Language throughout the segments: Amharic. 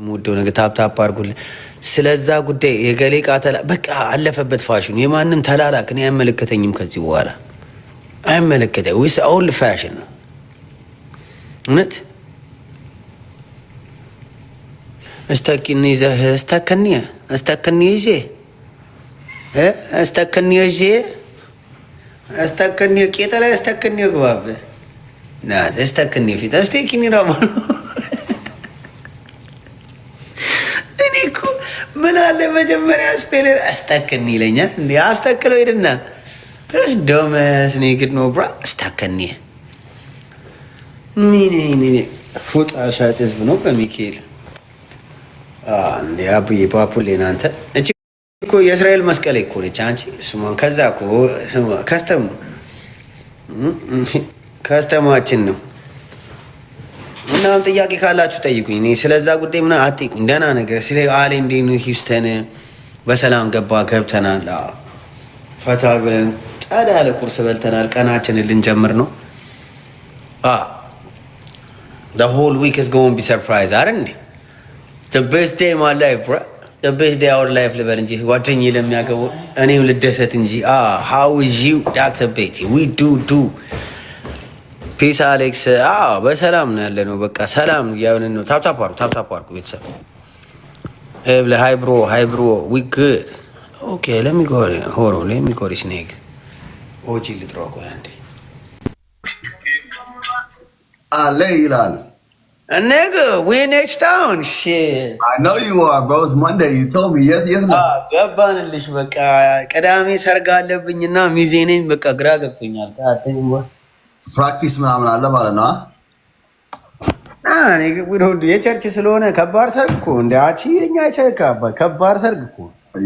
የምወደው ነገር ታፕታፕ አድርጉልኝ። ስለዛ ጉዳይ የገሌ ቃተላ በቃ አለፈበት ፋሽኑ። የማንም ተላላክ እኔ አይመለከተኝም። ከዚህ በኋላ አይመለከተኝ ዊስ ኦል ፋሽን ነው እውነት እስተኪኒ ይዘህ እስተከኒ እስተከኒ ይዤ እስተከኒ ይዤ እስተከኒ ቄጠ ላይ እስተከኒ ግባብ እስተከኒ ፊት እስተኪኒ ነው ማለት መጀመሪያ ስፔለር አስታከኒ ይለኛል። እንዲ አስታክለው ሄድና ዶመስ ኔግድ ነው ብራ አስታከኒ ሚኔ ፉጣ ሻጭ ህዝብ ነው በሚካኤል እንዲ አቡዬ ፓፑሌ ናንተ እቺ እኮ የእስራኤል መስቀል እኮ ነች። አንቺ ስሟን ከዛ እኮ ከስተም ከስተማችን ነው እናንተ ጥያቄ ካላችሁ ጠይቁኝ። እኔ ስለዛ ጉዳይ ምና አትይቁኝ። ደህና ነገር ስለ አሌ እንዴት ሂውስተን በሰላም ገባ ገብተናል። ፈታ ብለን ጠዳ ያለ ቁርስ በልተናል። ቀናችንን ልንጀምር ነው። the whole week is going to be surprise አይደል እንዴ? the best day my life bro the best day our life ልበል እንጂ ጓደኛዬ ለሚያገቡ እኔም ልደሰት እንጂ how is you ዳክተር ቤቲ we do do ፒስ አሌክስ። አዎ በሰላም ነው ያለ ነው። በቃ ሰላም እያሆን ነው። ታፕታፕ አድርጉ፣ ታፕታፕ አድርጉ ቤተሰብ። ብለ ሃይ ብሮ፣ ሃይ ብሮ ዊ ጉድ ኦኬ። ለሚኮሪ ሆሮ ለሚኮሪ ስኔክ ኦጂ ልጥሮ ቆይ አንዴ አለ ይላል Nigga, we next town. Shit. I know you are, bro. It's Monday. You told የስ Yes, yes. ገባንልሽ። በቃ ቅዳሜ ሰርግ አለብኝና ሚዜ ነኝ። በቃ ግራ ገብቶኛል። ፕራክቲስ ምናምን አለ ማለት ነው። የቸርች ስለሆነ ከባድ ሰርግ እኮ እንደ አንቺ የኛ ከባድ ሰርግ እኮ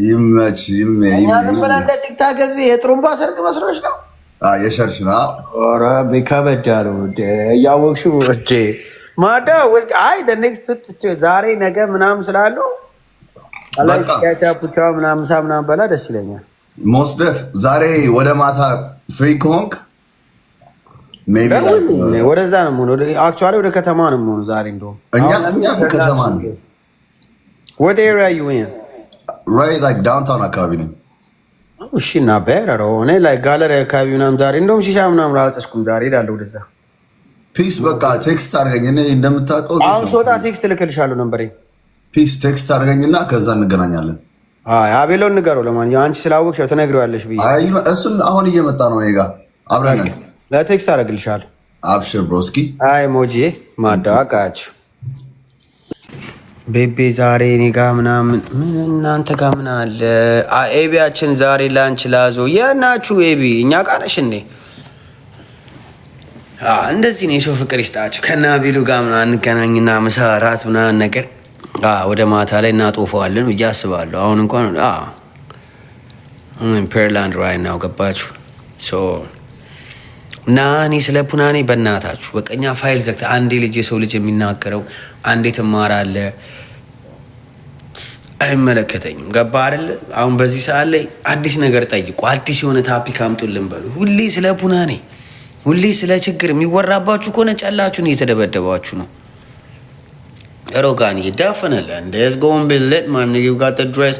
ይመች ይመላ እንደ ቲክታክ ህዝብ የጥሩምባ ሰርግ መስሎች ነው የሸርች ነው። ኧረ ከበድ ያለው ማዳ አይ ኔክስት ዛሬ ነገ ምናም ስላለው ቻፑቻ ምናምን ሳ በላ ደስ ይለኛል። ሞስደፍ ዛሬ ወደ ማታ ፍሪ ከሆንክ Uh, ወደዛ ነው ሆነ አክቹዋሊ ወደ ከተማ ነው ሆነ ዛሬ። እንደውም እኛም ከተማ ነው። ወደ ኤሪያ ላይክ ዳውንታውን አካባቢ ነኝ። እሺ። እና በረረ ሆነ ላይ ጋለሪ አካባቢ ምናምን ዛሬ እንደውም ሺሻ ምናምን አላጨስኩም ዛሬ። እሄዳለሁ ወደዛ። ፒስ በቃ ቴክስት አድርገኝ። እኔ እንደምታውቀው አሁን ስወጣ ቴክስት እልክልሻለሁ ነበር ፒስ ቴክስት አድርገኝና ከዛ እንገናኛለን። አቤሎን ንገረው። ለማንኛውም አንቺ ስላወቅሽ ትነግሪዋለሽ ብዬሽ እሱን አሁን እየመጣ ነው እኔ ጋ አብረን ለቴክስት አደርግልሻለሁ። አብሽር ብሮስኪ። አይ ሞጂ ማዳዋቃችሁ ቤቤ ዛሬ እኔ ጋ ምናምን ምን እናንተ ጋ ምን አለ? ኤቢያችን ዛሬ ላንች ላዞ የናችሁ ኤቢ እኛ ቃነሽ እንዴ? እንደዚህ ነው የሰው ፍቅር ይስጣችሁ። ከና ቢሉ ጋ ምና እንገናኝና ምሳ እራት ምናምን ነገር ወደ ማታ ላይ እናጦፈዋለን ብዬ አስባለሁ። አሁን እንኳን ፔርላንድ ራይ ናው ገባችሁ ናኒ ስለ ፑናኔ በእናታችሁ በቀኛ ፋይል ዘግተ አንዴ ልጅ የሰው ልጅ የሚናገረው አንዴ ትማራለ። አይመለከተኝም። ገባ አይደለ? አሁን በዚህ ሰዓት ላይ አዲስ ነገር ጠይቁ፣ አዲስ የሆነ ታፒክ አምጡልን በሉ። ሁሌ ስለ ፑናኔ፣ ሁሌ ስለ ችግር የሚወራባችሁ ከሆነ ጨላችሁን እየተደበደባችሁ ነው። ሮጋን ይዳፈናል እንደ ዝጎን ማንጊጋ ማን ጋር ድረስ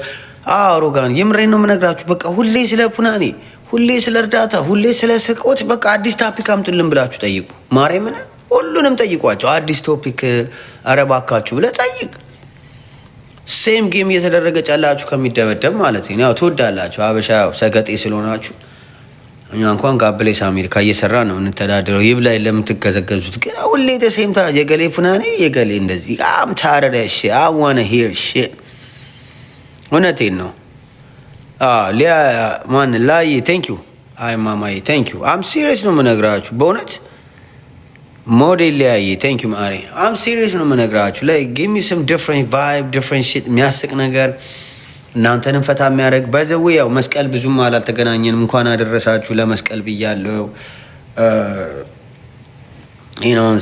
ሮጋን የምሬ ነው የምነግራችሁ። በቃ ሁሌ ስለ ፑናኔ ሁሌ ስለ እርዳታ፣ ሁሌ ስለ ስቆት፣ በቃ አዲስ ታፒክ አምጡልን ብላችሁ ጠይቁ። ማርያምን ሁሉንም ጠይቋቸው። አዲስ ቶፒክ አረባካችሁ ብለ ጠይቅ። ሴም ጌም እየተደረገ ጫላችሁ ከሚደበደብ ማለት ነው። ትወዳላችሁ አበሻ ሰገጤ ስለሆናችሁ እኛ እንኳን ጋብሌስ አሜሪካ እየሰራ ነው እንተዳድረው ላይ ለምትገዘገዙት ግን ሁሌ ተሴምታ የገሌ ፉናኔ የገሌ እንደዚህ አም ታረረ ሽ አዋነ ሄር ሽ እውነቴን ነው። ማን ላይ ቴንክ ዩ አይ ማማዬ ቴንክ አም ሲሪየስ ነው የምነግራችሁ በእውነት ሞዴል ሊያየ ቴንክ ማሬ አም ሲሪየስ ነው የምነግራችሁ ላይ ጊቭ ሚ ዲፍረንት ቫይብ ዲፍረንት ሽት የሚያስቅ ነገር እናንተንም ፈታ የሚያደርግ ባይዘዌ ያው መስቀል ብዙም አላልተገናኘንም። እንኳን አደረሳችሁ ለመስቀል ብያለሁ። ይነውን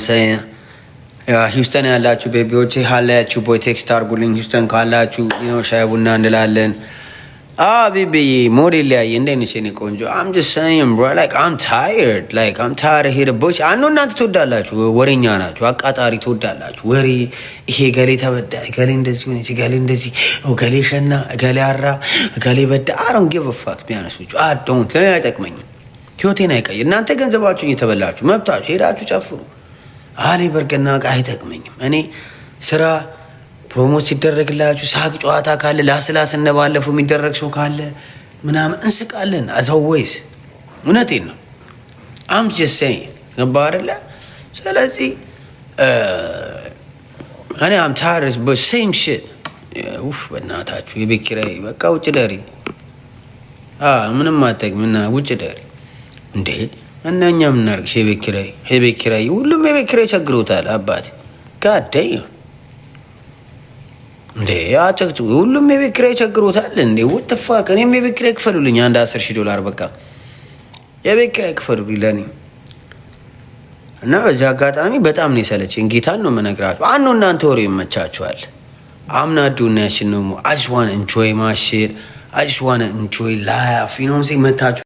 ሂውስተን ያላችሁ ቤቢዎች ሀላያችሁ ቦይ ቴክስት አድርጉልኝ። ሂውስተን ካላችሁ ሻይ ቡና እንላለን። አቢብዬ ሞዴል ሊያየ እንዴት ነሽ የኔ ቆንጆ? አም ጀስት ሰይንግ ብሮ ላይክ አም ታየርድ ላይክ አም ታየር ሄደ ቦች አኖ እናንተ ትወዳላችሁ፣ ወሬኛ ናችሁ፣ አቃጣሪ ትወዳላችሁ። ወሬ ይሄ ገሌ ተበዳ፣ ገሌ እንደዚህ ሆነች፣ ገሌ እንደዚህ፣ ገሌ ሸና፣ ገሌ አራ፣ ገሌ በዳ። አሮን ጌቭ ፋክ ቢያነሱች አዶንት ለኔ አይጠቅመኝም፣ ህይወቴን አይቀይር። እናንተ ገንዘባችሁን እየተበላችሁ መብታችሁ ሄዳችሁ ጨፍሩ። አሌ በርቅና አይጠቅመኝም እኔ ስራ ፕሮሞት ሲደረግላችሁ ሳቅ ጨዋታ ካለ ላስላስ እነባለፉ የሚደረግ ሰው ካለ ምናምን እንስቃለን። አዘወይስ እውነቴን ነው። አም ጀሰኝ ገባ አደለ? ስለዚህ እኔ አምታርስ በሴም ሽት ውፍ በእናታችሁ የቤት ኪራይ በቃ ውጭ ደሪ ምንም አጠቅ ምና ውጭ ደሪ እንዴ እና እኛ ምናርግሽ? የቤት ኪራይ የቤት ኪራይ ሁሉም የቤት ኪራይ ቸግሮታል። አባት ጋደኝ እንዴ አጨቅጭቁ። ሁሉም የቤት ኪራይ ቸግሮታል እንዴ? ወተፋ እኔም የቤት ኪራይ ክፈሉልኝ አንድ አስር ሺህ ዶላር በቃ የቤት ኪራይ ክፈሉልኝ ለእኔ እና በዚህ አጋጣሚ በጣም ነው የሰለችኝ። ጌታን ነው የምነግራችሁ። አንዱ እናንተ ወሬ ይመቻችኋል። አምና ዱና ያሽን ነው አጅዋን እንጆይ ማሽር አጅዋን እንጆይ ላያፍ ነው መታችሁ